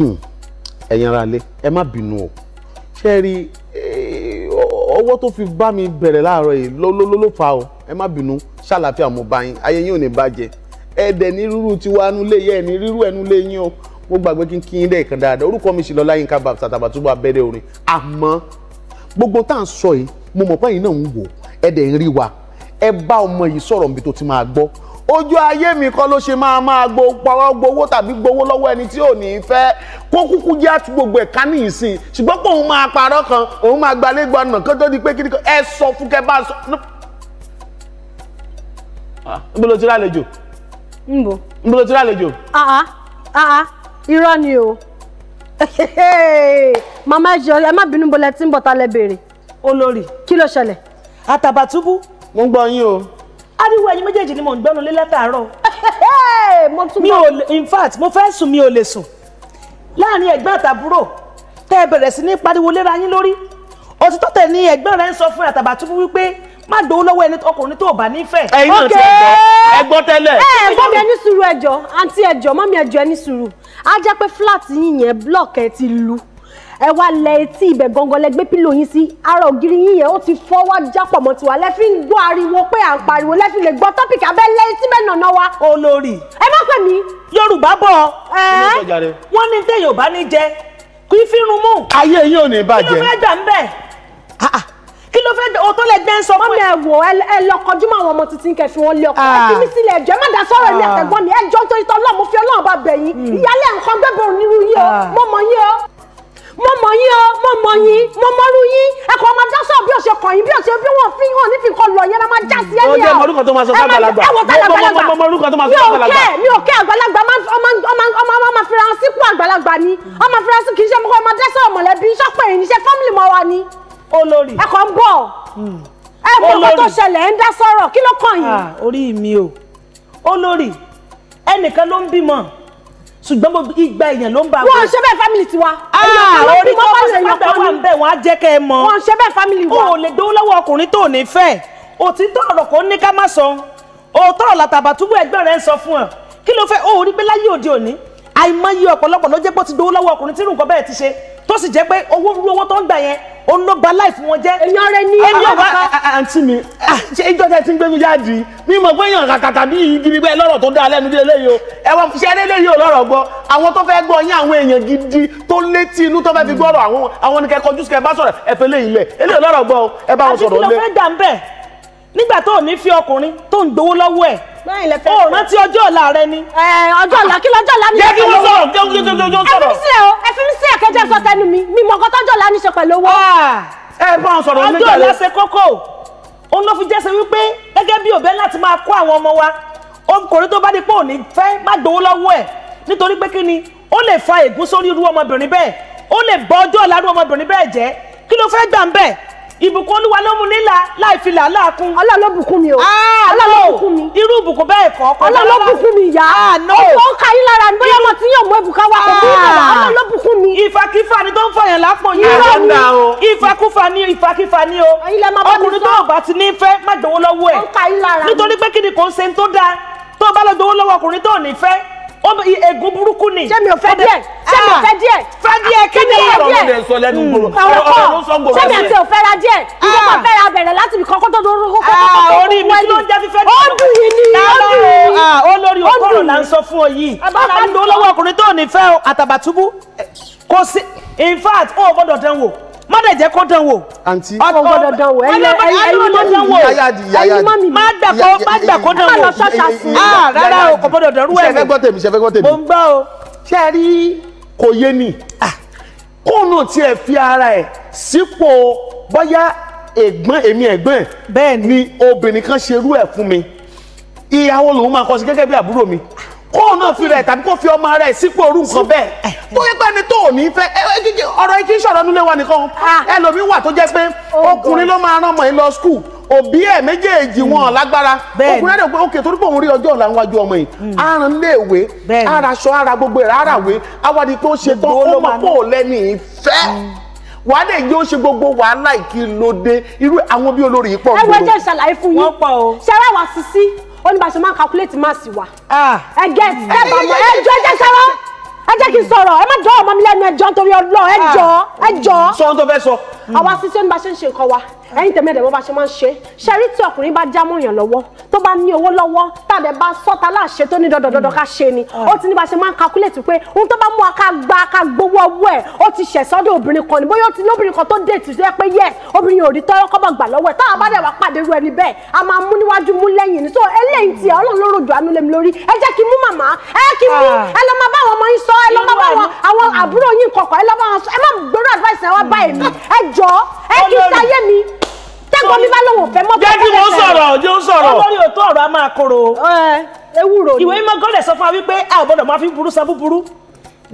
Hmm. ẹ̀yin ara lé ẹ má bínú o ṣe rí eh, ọwọ́ tó fi bá mi bẹ̀rẹ̀ láàárọ̀ yìí ló fà o ẹ má bínú ṣàlàfíà mo bá yín ayé yín ò ní bàjẹ́ ẹ dẹ̀ ní rírú tiwa nulẹ̀ yẹ ẹ ní rírú ẹnu lé yín o mo gbàgbé kí n kí yín dẹ̀ kàn dáadáa orúkọ mi Ṣìlọ́lá Yínká Bàbá Àtàbàtúbú abẹ́rẹ́ orin àmọ́ gbogbo tá à ń sọ yìí mo mọ̀ pé ẹ̀yin náà ń wò ẹ dẹ̀ ń rí wa ẹ bá ọmọ yìí sọ̀rọ̀ ojú ayé mi kọ́ ló ṣe máa máa gbo pọ̀rọ̀ gbowó tàbí gbowó lọ́wọ́ ẹni tí ò ní í fẹ́ kó kúkú jẹ́ àti gbogbo ẹ̀ka ní ìsìn ṣùgbọ́n pé òun máa parọ́ kan òun máa gbalé gbaná kó tó di pé kí ẹ sọ fún kẹ bá sọ. Ah, níbo ló ti rí àlejò. níbo. níbo ló ti rí àlejò. àá ah, àá ah, irọ́ ni o màmá ẹ jọ ẹ má bínú bọ́lẹ̀ tí ń bọ̀ ta lẹ béèrè. olórí kí ló ṣẹlẹ̀. àtàbàtúbú. mo ń gbọ́ yín o ariwo ẹ̀yin méjèèjì ni mò ń gbọ́nu lé látàárọ̀ mi ò lè in fact mo fẹ́ sùn mi ò lè sùn láàrin ẹ̀gbọ́n àtàbúrò tẹ́ ẹ bẹ̀rẹ̀ sí ní pariwo léra yín lórí òtítọ́ tẹ̀ ní ẹ̀gbọ́n rẹ̀ ń sọ fún Àtàbàtúbú wípé má gbowó lọ́wọ́ ẹni ọkùnrin tó bá nífẹ̀ẹ́. ẹ̀yin náà ti ẹgbọ́ ẹgbọ́ tẹ́lẹ̀. ẹ ẹ bọ́ mi ẹni sùúrù ẹjọ́ àǹtí ẹjọ́ mọ́mí ẹjọ́ ẹni sùúrù á jẹ́ pé fúláàtì yìnyẹn blọ́ọ̀kì ẹ ti lu ẹ wá lẹ etí ibẹ̀ gangan lẹ gbé pílò yín sí ara ògiri yín yẹn ó ti fọ́ wá jápọ̀ mọ́ tiwa lẹ fi ń gbọ́ ariwo pé à ń pariwo lẹ fi lè gbọ́ tọ́pìkì abẹ́ lẹ etí bẹ́ẹ̀ nàná wa. olórí ẹ má pè mí. yorùbá bọ̀ wọ́n ní tẹ́ yorùbá ní jẹ kí fírun mú. ayé yín ò ní bàjẹ́ kí ló fẹ́ gbà ń bẹ̀ ah, ah. kí ló fẹ́ o tó lè gbẹ́ ń sọ fún ẹ. mọ ẹ ẹ lọ mọ àwọn ọmọ tuntun kẹ wọn lé ọkọ ẹ ah. fi mí sílẹ̀ ẹjọ́ ẹ má dá sọ̀rọ̀ ẹmí àtẹ̀gbọ́n mi ẹjọ́ nítorí tọlọmù fi Ọlọ́run bá bẹ̀ yín hmm. ìyálé nǹkan gbẹbẹ onírú yìí o mo mọ yín o mo mọ̀ yín o mo mọ̀ yín mo mọ̀rú yín ẹ̀kọ́ ọmọ jásọ̀ bí òṣè kọ̀ yín bí òṣè bí wọ́n fi hàn nífi kan lọ yẹn máa já sí ẹ̀yà. ọjọ́ ìmọ̀ orúkọ tó máa sọ sábàlágbà mo mọ orúkọ tó máa sọ sábàlágbà. mi ò kẹ́ àgbàlagbà ọmọ fira sípò àgbàlagbà ni ọmọ fira sí kì í ṣe mọ́kọ́ ọmọ jásọ̀ mọ̀lẹ́bí sọ́pẹ̀ yìí níṣẹ́ ni. olórí ẹ̀kọ́ ń bọ̀ hmm. ẹ̀kọ́ kan tó ṣẹlẹ̀ ń dá sọ̀rọ̀ kí ṣùgbọ́n gbogbo igba èèyàn ló ń bá. wọn ṣe bẹ́ẹ̀ family tiwa. Ah, orí kọ́ bá ṣe yàn kan wà ń bẹ̀ wọ́n á jẹ́ kẹ́ ẹ mọ̀. wọn ṣe bẹ́ẹ̀ family wa. o ò lè dówó lọ́wọ́ ọkùnrin tó ò ní fẹ́ òtítọ́ ọ̀rọ̀ kò ní ká má sọ òótọ́ ọ̀rọ̀ làtàbàtúbú ẹgbẹ́ rẹ̀ ń sọ fún ọ kí ló fẹ́ o ò rí pé láyé òde òní àìmọye ọ̀pọ̀lọpọ̀ ló jẹ́ pé ó ti dówó lọ́wọ́ ọkùnrin tí irú nǹkan bẹ́ẹ̀ ti ṣe tó sì jẹ́ pé owó rú owó tó ń gbà yẹn ó ń lọ ba láìfún wọn jẹ́. èèyàn rẹ ní ọlọ́pàá. àǹtí mi ah, ṣé ìjọ tẹ ti ń gbé mi jáde mi mọ̀ pé èèyàn kàkàtà bí igi gbígbẹ́ lọ́rọ̀ tó dáa lẹ́nu dé léyìí o ẹ̀wọ̀n ṣe é léyìí o lọ́rọ̀ gbọ́ àwọn tó fẹ́ gbọ́ yín àwọn èèyàn gidi tó létí inú tó fẹ́ fi gbọ́rọ̀ àwọn àwọn nìkẹ́ kọjú sí kẹ́ bá sọ̀rọ̀ ẹ̀fẹ́ léyìí lẹ̀ eléyìí lọ́rọ̀ gbọ́ ẹ bá wọn sọ̀rọ̀ lé. àti kí ló fẹ́ dà ń bẹ̀ nígbà tó ní fi ọkùnrin tó ń gbowó lọ́wọ́ ẹ̀ ó rántí ọjọ́ ọ̀la rẹ ni. ọjọ́ ọ̀la kí lọ́jọ́ ọ̀la ní. jẹ́ kí wọ́n sọ̀rọ̀ jẹ́ kí wọ́n sọ̀rọ̀. ẹ fi mí sílẹ̀ o ẹ fi mí sílẹ̀ kẹjẹ sọ tẹnu mi mi mọ̀ nǹkan tọ́jọ́ ọ̀la ní ṣe pẹ̀lú owó. Ah, ẹ bá wọn sọ̀rọ̀ nígbà lọ. ọjọ́ ọ̀la ṣe kókó òun ló fi jẹ́ sí wípé gẹ́gẹ́ bí òbẹ́ láti máa kó àwọn ọmọ wa ọkùnrin tó bá ní pé òní fẹ́ fẹ́ ìbùkún olúwa ló mú nílà láì fi làálàá kún. ọlọ́run ló bùkún mi o. ọlọ́run ah, ló bùkún mi. irú ìbùkún bẹ́ẹ̀ kọ́. ọlọ́run ló bùkún mi ìyá. Ah, ọkọ̀ ń ka yín lára ni bóyá ọmọ tí yóò mú ìbùkún wa kò bí ìrọ̀lá ọlọ́run ló bùkún mi. ìfàkífà ni tó ń fọyàn lápò yín. irọ́ ni ìfàkúfà ni ìfàkífà ni o. ọkùnrin tó bá ti ní fẹ́ má gbowó lọ́wọ́ ẹ̀. ó ń ka yín lára ni. nítorí pé kí ni kò ń ṣe tó dáa tó bá lọ gbowó lọ́wọ́ ọkùnrin tó ní fẹ́ ọmọ ègún burúkú ni. ṣé mi ò fẹ́ díẹ̀ ṣé mi ò ah, fẹ́ díẹ̀. fẹ́ díẹ̀ kí ni ọ̀rọ̀ mi mm. ọ̀rọ̀ ló ṣé mi àti òfẹ́ ra díẹ̀ ìjọba máa ah. ra bẹ̀rẹ̀ láti ibì kan tó dúró kó tó ah, kó tó ó dùn yìí ni ó dùn yìí. olórí okòrò là ń sọ fún ọ yìí. ọkàn ọkùnrin tó ní fẹ́ àtàbàtúbú eh, kò sí in fact ó gbọ́dọ̀ dánwò má dẹ̀ jẹ́ kó dán wò. àǹtí ọkọ ọmọ ẹyin mọ́ mi ẹyin mọ́ mi má gbà kó má gbà kó dán wò. má lọ ṣọ́ṣà sí i. a rárá o kò gbọdọ̀ dán rú ẹ̀ mi. ṣe fẹ́ gbọ́ tèmi ṣe fẹ́ gbọ́ tèmi. mo ń gbọ́ o. ṣé ẹ rí kò yé ni ah, kóònù tiẹ̀ fi ara ẹ̀ sípò bóyá ẹ̀gbọ́n èmi ẹ̀gbọ́n bẹ́ẹ̀ ni obìnrin kan ṣerú ẹ̀ fún mi ìyàwó lòun máa kọ sí gẹ́gẹ́ bí àbúrò mi kó náà fi rẹ̀ tàbí kó fi ọmọ rẹ̀ sípò orú nǹkan bẹ́ẹ̀ tó yẹ pé ẹni tó ò ní fẹ́ ọ̀rọ̀ ikí sọ̀rọ̀ nílé wa nìkan ah. ẹlòmíín wà tó jẹ́ pé oh ọkùnrin ló máa rán ọmọ yìí lọ skul òbí ẹ̀ méjèèjì wọn hmm. lágbára ọkùnrin rẹ̀ pé òkè torí pé òun rí ọjọ́ ọ̀la níwájú ọmọ yìí aràn lè wé ara aṣọ ara gbogbo ẹ̀rọ ara wé awadi tó ṣe tán ó mọ̀ pò lẹ́ni ìfẹ́ hmm. wàá lè yóò ṣe gbogbo wàhálà ìkìlódé irú àwọn bí olórí yìí pọ̀ gbogbo. ẹ wẹ́jẹ̀ ṣàlàyé fún yín ṣẹ́rẹ́ wá sí sí ó ní bá ṣe máa ń calculate mass wa. Ah. ẹ gẹ ẹ bá mọ ẹ jọ ẹ jẹ sọ̀rọ̀ ẹ jẹ́ kí n sọ̀rọ̀ ẹ má dọ́ ọmọ mi lẹ́nu ẹ jọ nítorí Ọlọ́run ẹ jọ ẹ jọ. sọ ohun tó fẹ́ sọ àwa sísé ní bá ṣe ń ṣe nǹkan wa ẹ̀yin tẹ̀mí ẹ̀dẹ̀ bó bá ṣe máa ń ṣe ṣe rí tí ọkùnrin bá já mọ́yàn lọ́wọ́ tó bá ní owó lọ́wọ́ tàdé bá sọ́ta láṣẹ tó ní dandandandan ká ṣe ni ó ti ní bá ṣe máa ń calculate pé ohun tó bá mú wa ká gba ká gbowó ọwọ́ ẹ̀ ó ti ṣẹ̀ sọ́dọ̀ obìnrin kan ni bóyá ó ti lóbìnrin kan tó dé ètò ìṣẹ́ pé yes obìnrin ò rí tọ́rọ́ kọ́bọ̀ gbà lọ́wọ́ ẹ̀ táwa bá dẹ̀ wá pàdé irú ẹni bẹ́ẹ̀ a máa mú níwájú mú lẹ́yìn ni so eléyìí ti ọlọ́run ló rojọ́ àánú lèmi lórí ẹ jẹ́ kí n mú màmá ẹ kí n mú ah. ẹ lọ́ máa bá àwọn ọmọ jọ ẹ kì í sáyé mi tẹ́gbọ́n mi bá lóun fẹ́ mọ́tò fẹ́fẹ́. jẹ́ kí wọ́n sọ̀rọ̀ jẹ́ wọ́n sọ̀rọ̀. olórí òótọ́ ọ̀rọ̀ a máa korò. ewúro ni ìwé mímọ́ gọ́dẹ̀ sọ fún wa wípé a ò gbọ́dọ̀ máa fi burú san búburú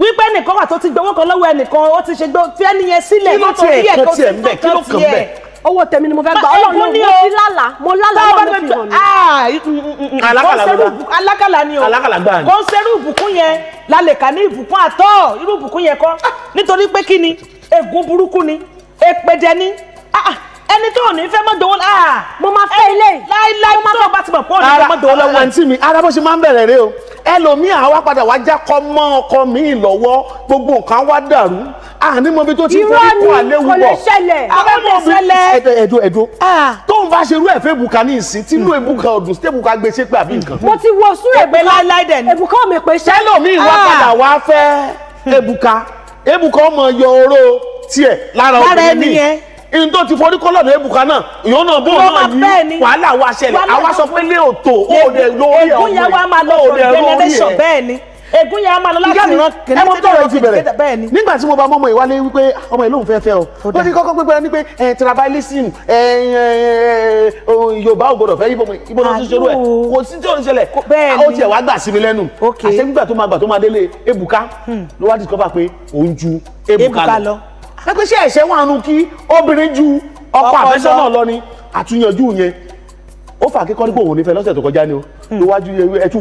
wípé ẹnìkan wà tó ti gbowó kan lọ́wọ́ ẹnìkan ó ti ṣe gbó tí ẹni yẹn sílẹ̀ nítorí ẹ̀ kó ti tó kan tiẹ̀ owó tèmi ni mo fẹ́ gbà ọlọ́run ni mo ti lálà mo lálà ọlọ́run fi hàn mí. Ah, mm, mm, mm, alákàlà ni o alákàlà gbà ni. kọ́nsẹ́rù ìbùkún yẹn la lè kà ní ìbùkún àtọ́ irú ìbùkún yẹn kọ́ nítorí pé kí ni ègún burúkú ni èpè jẹ ní ẹni tó ní fẹ́ mọ́ dòwó la. Ah, mo máa fẹ́ eh, ilé. láíláí tó o bá ti mọ̀ pọ́ọ̀lù fẹ́ mọ́ dòwó lọ́wọ́. àǹtí mi ara bó ṣe máa ń bẹ̀rẹ̀ rẹ o ẹlòmíì àwa padà wá já kọ mọ ọkọ mi lọ́wọ́ gbogbo nǹkan wá dàrú àní mọbi tó ti fẹ́ kó àléwu bọ̀ irọ́ ni kò lè ṣẹlẹ̀ kò lè ṣẹlẹ̀ ẹ̀dọ̀ ẹ̀dọ̀ ẹ̀dọ̀ ah. tó ń bá ṣerú ẹ̀fẹ́ buka ní ìsìn tí inú ebuka ọdún sí ebuka gbé ṣe pé àbí nǹkan. mo ti wọ sún ègbè láíláí dẹ̀ ni ebuka mi pè ṣẹlẹ̀. ẹlòmíì wá ah. padà wá fẹ́ ebuka ebuka ọmọ yọ oró tiẹ̀ lára obìnrin mi in tó ti forí kọ́ lọ́dọ̀ ebuka náà ìyóò náà bó náà yí wàhálà wa ṣẹlẹ̀ àwa sọ pé lé òtò ó lè lo orí ẹ̀ òun ẹ̀ òun ẹ̀ òun ẹ̀ egun yẹn a máa lọ láti ìran kìnìún ẹmọ tọrọ ẹ ti bẹ̀rẹ̀ nígbà tí mo bá mọmọ ìwálé wípé ọmọ ẹ lóun fẹ́ fẹ́ o ó ti kọ́kọ́ pépé ní pé tribalism yorùbá ò gbọdọ̀ fẹ́ ibo náà tún ṣerú ẹ kò sí tí ò ń ṣẹlẹ̀ ó tiẹ̀ wá gbà sí mi lẹ́nu àṣẹ nígbà tó máa gbà tó máa délé ebuka hmm. ló wá discover pé òun ju ebuka lọ. ẹ pé ṣé ẹ̀ṣẹ̀ wà nù kí obìnrin ju ọkọ àfẹ́sọ́nà lọ ni àtúnyànjú yẹn ó fà kíkọ́ nípò òun nífẹ̀ẹ́ lọ́sẹ̀ tó kọjá ni o hmm. níwájú ẹtú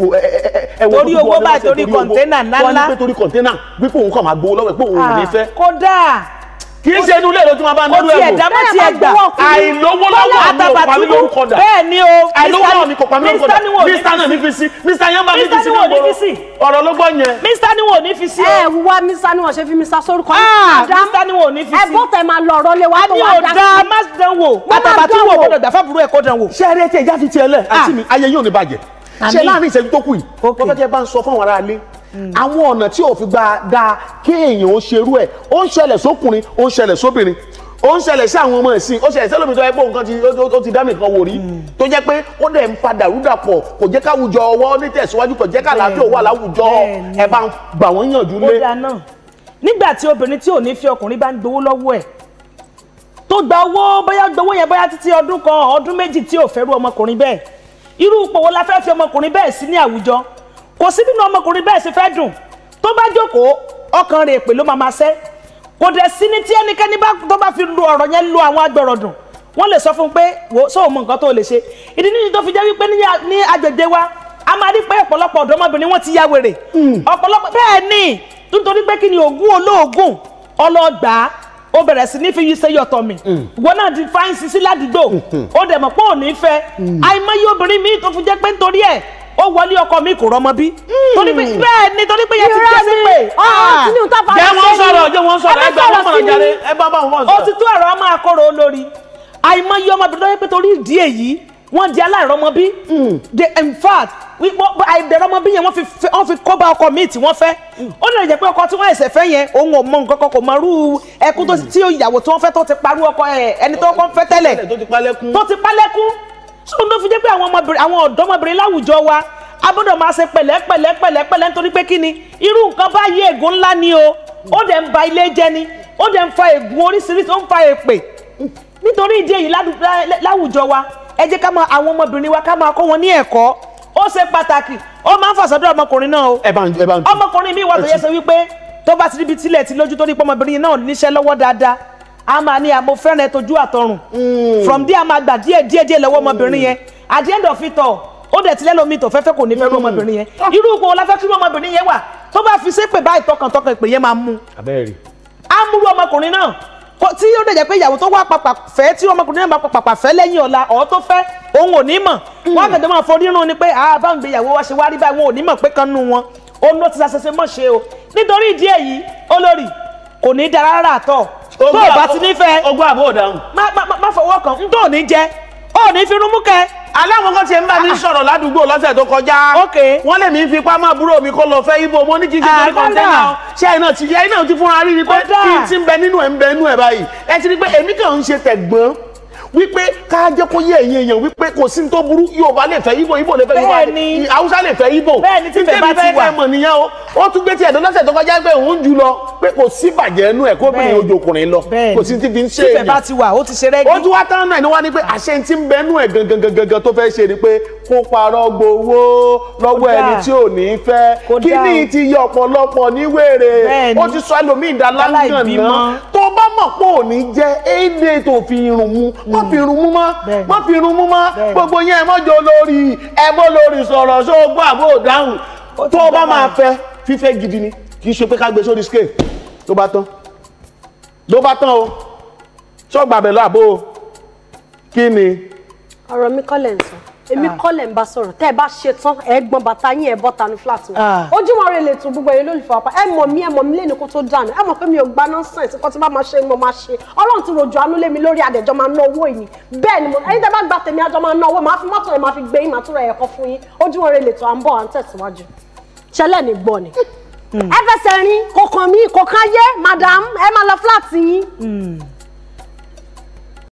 ẹwọ torí owó báyìí torí kọ̀ńténà ńláńlá wọ́n ní pé torí kọ̀ńténà wípé òun kàn máa gbowó lọ́wọ́ pé òun ò ah, kódà kì í ṣe inú ilé ìlú tí wọn bá ń dúró ẹ̀wò. o ti ẹ̀dá mọ́ ti ẹ̀gbà àìlówó lọ́wọ́ mi ò pa mí lórúkọ dà bẹ́ẹ̀ ni o àìlówó lọ́wọ́ mi kò pa mí lórúkọ dà mista náà ní fi sí mista yẹn bá mi fi sí ní ọgbọ́n ọ̀rọ̀ ló gbọ́ yẹn. mista ni wọn ò ní fi sí. ẹ wá mista ni wọn ṣe fi mista sórúkọ ah, mista ni wọn ò ní fi sí. ẹ bọ́tẹ̀ máa lọ ọ̀rọ̀ lé wa tó wá dá sí. a ní má dán wò àtàbàtú wò gbọ́dọ̀ dà fábùrú ẹ̀kọ́ dán wò. ṣé eré tí ẹ Mm. àwọn ọ̀nà tí òfin gba dáa kéèyàn ó ṣerú ẹ̀ ó ń ṣẹlẹ̀ sókùnrin ó ń ṣẹlẹ̀ sóbìnrin ó ń ṣẹlẹ̀ sí àwọn ọmọ ẹ̀sìn ó ṣẹlẹ̀ sẹ́lómi tó yẹ pé nǹkan ó ti dá nìkan wò rí mm. tó jẹ́ pé ó dẹ̀ ń padà rúdàpọ̀ kò jẹ́ káwùjọ ọwọ́ nítẹ̀síwájú kò jẹ́ kàlàáfíà wà láwùjọ ẹ̀ bá ń gbà wọ́n yànjú lé. ó dáná nígbà tí obìnrin tí ò ní fi ọkùnrin bá ń gbowó lọ́wọ́ ẹ̀ tó gba owó bóyá gbowó yẹn bóyá títí ọdún kan ọdún méjì tí ò fẹ́rú ọmọkùnrin bẹ́ẹ̀ irú ipò wo la fẹ́ fi ọmọkùnrin bẹ́ẹ̀ sí ní àwùjọ kò sí bínú ọmọkùnrin bẹ́ẹ̀ ṣe fẹ́ dùn tó bá jókòó ọkàn rẹ̀ èpè ló máa ma ṣẹ́ kò dẹ̀ sí ní tí ẹnikẹ́ni tó bá fi lu ọ̀rọ̀ yẹn lu àwọn agbẹ̀rọ̀dùn wọ́n lè sọ fún un pé wò ó sóò mọ nǹkan tó lè ṣe ìdí nìyí tó fi jẹ́ wípé ní agbègbè wa a máa rí pé ọ̀pọ̀lọpọ̀ ọ̀dọ́mọbìnrin wọ́n ti ya wèrè hmm. ọ̀pọ̀lọpọ̀ bẹ́ẹ̀ ni nítorí pé kí ni ògùn olóògùn ọlọ́gbàá ó bẹ̀rẹ̀ sí ní fi yí sẹ́yọ̀ tọ̀ mi hmm. wọn náà di fáyín sisi ládùúgbò ó hmm. dẹ̀ mọ̀ pé òní fẹ́ àìmọye obìnrin míì tó fi jẹ́ pé nítorí ẹ̀ ó wọlé ọkọ mi kò rọmọ bí. Hmm. torí pé bẹ́ẹ̀ ni torí pé yẹn ti jẹ́ sí pé. Ah, jẹ́ wọ́n sọ̀rọ̀ jẹ́ wọ́n sọ̀rọ̀ ẹgbẹ́ wọn mọ̀ràn jàre ẹ bá bá wọn sọ̀rọ̀. òtítọ́ ẹ̀rọ ọmọ akóró olórí àìmọye ọmọbìnrin tó yẹ pé torí ìdí èyí wọ́n di aláìrọmọ bí. Hmm. they in fact àìdẹ̀rọmọ bí yẹn wọ́n fi kó bá ọkọ míì tí wọ́n fẹ́. ó lè jẹ́ pé ọkọ tí wọ́n ẹ̀sẹ̀ fẹ́ yẹn òun ò mọ nǹkan kan kò mọ irú ẹkún hmm. tí ìyàwó tí wọ́n fẹ́ tó ti parú ọkọ ẹni tó kọ́ ń fẹ́ tẹ́lẹ̀ tó ti pálẹ́kún so ló fi jẹ́ pé àwọn ọmọbìnrin àwọn ọ̀dọ́mọbìnrin láwùjọ wa a gbọ́dọ̀ máa ṣe pẹ̀lẹ́pẹ̀lẹ́ pẹ̀lẹ́pẹ̀lẹ́ nítorí pé kí ni irú nǹkan bá yé ègún ńlá ni o ó dẹ̀ ń ba ilé jẹ́ ni ó dẹ̀ ń fa ègún oríṣiríṣi ó ń fa èpè nítorí ìdí èyí láwùjọ wa ẹ jẹ́ ká máa àwọn ọmọbìnrin wa ká máa kọ́ wọn ní ẹ̀kọ́ ó ṣe pàtàkì ó máa ń fàṣọdọ̀ ọmọkùnrin náà o ọmọkùnrin mi wà tó yẹ sọ wípé tó bá ti ríbi tilẹ̀ ti lójú tó ní pọ́nmọbìnrin náà níṣẹ́ lọ́wọ́ dáadáa a máa ní amọ̀fẹ́ ah, rẹ tójú àtọrùn hmm. from there a máa gbà díẹ̀ díẹ̀ díẹ̀ lọ́wọ́ ọmọbìnrin yẹn at the end of it all ó dẹ̀ tilẹ̀ lómi tó fẹ́fẹ́ kò ní fẹ́ rú hmm. ọmọbìnrin yẹn ah. irú ipò wọn la fẹ́ kí ọmọbìnrin yẹn wà tó bá fi ṣépè báyìí tọkàntọkàn ìpè yẹn máa mú a mú rú ọmọkùnrin náà tí ó dẹ̀ jẹ́ pé ìyàwó tó wá pàpà fẹ́ tí ọmọkùnrin náà bá pàpà fẹ́ lẹ́yìn ọ̀la ọ̀ tó fẹ́ òun ò ní mọ̀ hmm. wọ́n á kẹ̀dẹ̀ máa forí rún ni pé àá ah, bá ń gbé ìyàwó wa ṣe wá rí báyìí wọn ò ní mọ̀ pé kan nù wọn òun ló ti ṣàṣeṣe mọ̀ ṣe o nítorí ìdí èyí olórí kò ní dára rárá àtọ̀ tó o bá ti nífẹ̀ẹ́ ogún àbúrò dáhùn. má fọwọ́ kàn ń tó ní jẹ ó ní fi rúmú kẹ. aláwọn kan ti ń bá mi ah, ah. sọ̀rọ̀ ládùúgbò lọ́sẹ̀ tó kọjá. ok wọ́n lè mi fi pamọ́ àbúrò mi kó lọ fẹ́ ibo mo ní jíjẹ lórí kọ́ńtẹ́nà. ṣé ẹ̀yin náà ti yẹ ẹ̀yin náà ti fúnra rí ni pé kí n ti ń bẹ nínú ẹ̀ ń bẹ nínú ẹ̀ báyìí. ẹ ti rí pé èmi kàn ń ṣe tẹ̀gbọ́n wípé ká jẹ́ kó yé ẹ̀yin èèyàn wípé kò sí tó burú Yorùbá lè fẹ́ Ìgbò Ìgbò lè fẹ́ Yorùbá Haúsá lè fẹ́ Ìgbò bẹ́ẹ̀ni tí bẹ́ẹ̀ bá fẹ́ wà mọ̀ nìyẹn o wọ́n tún gbé tiẹ̀ lọ́sẹ̀ tó kọjá pé òun jù lọ pé kò sí bàjẹ́ nú ẹ̀ kó bìnrin ojú ọkùnrin lọ kò sí ti fi ń ṣe èèyàn tí bẹ́ẹ̀ bá ti wà ó ti ṣe rẹ́gí. ó tún wá tán náà ni wọ́n ní pé àṣẹ fi irun mú mọ́ má fi irun mọ́ gbogbo yẹn mọ́jọ lórí ẹbọ́ lórí sọ̀rọ̀ ṣóògbó àbò dáhùn tó bá máa fẹ́ fífẹ́ gidi ni kì í ṣe pé ká gbé sórí scale ló bá tán ló bá tán o ṣọ́ọ̀gbà bẹ̀ lọ kí ni. ọ̀rọ̀ mi kọ́lẹ̀ ń sọ èmi ah. kọ́lẹ̀ ń bá sọ̀rọ̀ tẹ́ ẹ bá ṣe tán ẹ gbọ́n bàtà yín ẹ bọ́ tanu flat mi ah. Ojúmọ́ Ire lè tún gbogbo ẹ̀yin lólùfẹ́ apá ẹ mọ̀ mí ẹ mọ̀ mí lẹ́nu kó tó dànù ẹ mọ̀ pé mi ò gba nonsense kó tí bá máa ṣe mo máa ṣe Ọlọ́run ti rọ̀jò àánú lé mi lórí àdẹ̀jọ́ máa ná owó yìí bẹ́ẹ̀ ni mo ẹ̀yin tẹ́ bá gba tèmi àjọ máa ná owó màá fi mọ́tò rẹ̀ máa fi gbé yín màá tún rẹ̀ ẹ̀kọ́ fún yín Ojúmọ́ Ire lè tún à ń bọ̀ à ń tẹ̀síwájú hmm. ẹ fẹsẹ̀ rin kọkàn mi kọkàn ayé madam ẹ máa lọ fúláàtì yín. Hmm.